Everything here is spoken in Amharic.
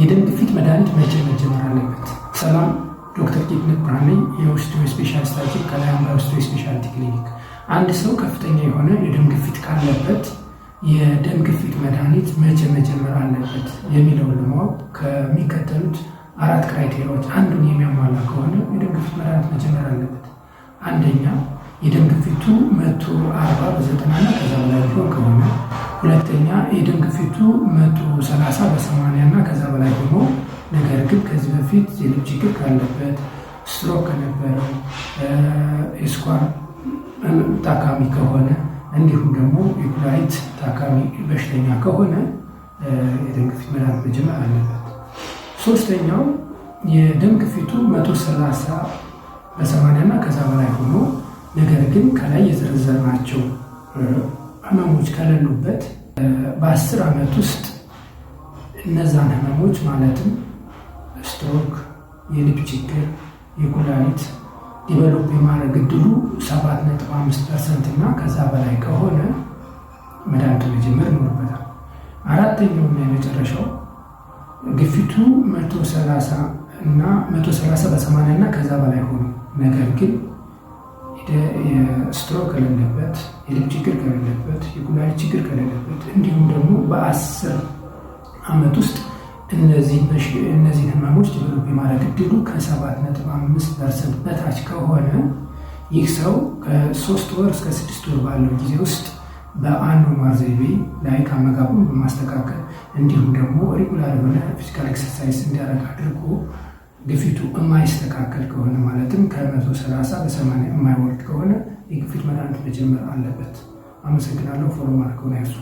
የደም ግፊት መድኃኒት መቼ መጀመር አለበት? ሰላም፣ ዶክተር ጌትነት ብርሃኔ የኦስትዮ ስፔሻሊስት ሐኪም ከላያማ ኦስትዮ ስፔሻሊቲ ክሊኒክ። አንድ ሰው ከፍተኛ የሆነ የደም ግፊት ካለበት የደም ግፊት መድኃኒት መቼ መጀመር አለበት የሚለውን ለማወቅ ከሚከተሉት አራት ክራይቴሪያዎች አንዱን የሚያሟላ ከሆነ የደም ግፊት መድኃኒት መጀመር አለበት። አንደኛ የደም ግፊቱ መቶ አርባ በዘጠና እና ከዛ በላይ ቢሆን ከሆነ ሁለተኛ የደም ግፊቱ መቶ ሰላሳ በሰማንያ እና ከዛ በላይ ሆኖ ነገር ግን ከዚህ በፊት የልብ ችግር ካለበት ስትሮክ ከነበረው የስኳር ታካሚ ከሆነ እንዲሁም ደግሞ የኩላሊት ታካሚ በሽተኛ ከሆነ የደም ግፊት መድኃኒት መጀመር አለበት። ሶስተኛው የደም ግፊቱ መቶ ሰላሳ በሰማንያ እና ከዛ በላይ ሆኖ ነገር ግን ከላይ የዘረዘርናቸው ህመሞች ከሌሉበት በአስር ዓመት ውስጥ እነዛን ህመሞች ማለትም ስትሮክ፣ የልብ ችግር፣ የኩላሊት ዲቨሎፕ የማድረግ እድሉ ሰባት ነጥብ አምስት ፐርሰንት እና ከዛ በላይ ከሆነ መድኃኒቱ መጀመር ይኖርበታል። አራተኛውና የመጨረሻው ግፊቱ መቶ ሰላሳ እና መቶ ሰላሳ በሰማንያ እና ከዛ በላይ ሆኑ ነገር ግን የስትሮክ ከሌለበት፣ የልብ ችግር ከሌለበት፣ የኩላሊት ችግር ከሌለበት እንዲሁም ደግሞ በአስር ዓመት ውስጥ እነዚህ ህመሞች ዲቨሎፕ የማድረግ እድሉ ከሰባት ነጥብ አምስት ፐርሰንት በታች ከሆነ ይህ ሰው ከሶስት ወር እስከ ስድስት ወር ባለው ጊዜ ውስጥ በአንዱ ዘይቤ ላይ ከአመጋቡን በማስተካከል እንዲሁም ደግሞ ሪጉላር የሆነ ፊዚካል ኤክሰርሳይዝ እንዲያደርግ አድርጎ ግፊቱ የማይስተካከል ከሆነ ማለትም ከ130 በ80 የማይወርድ ከሆነ የግፊት መድኃኒት መጀመር አለበት። አመሰግናለሁ። ፎሎ ያሱ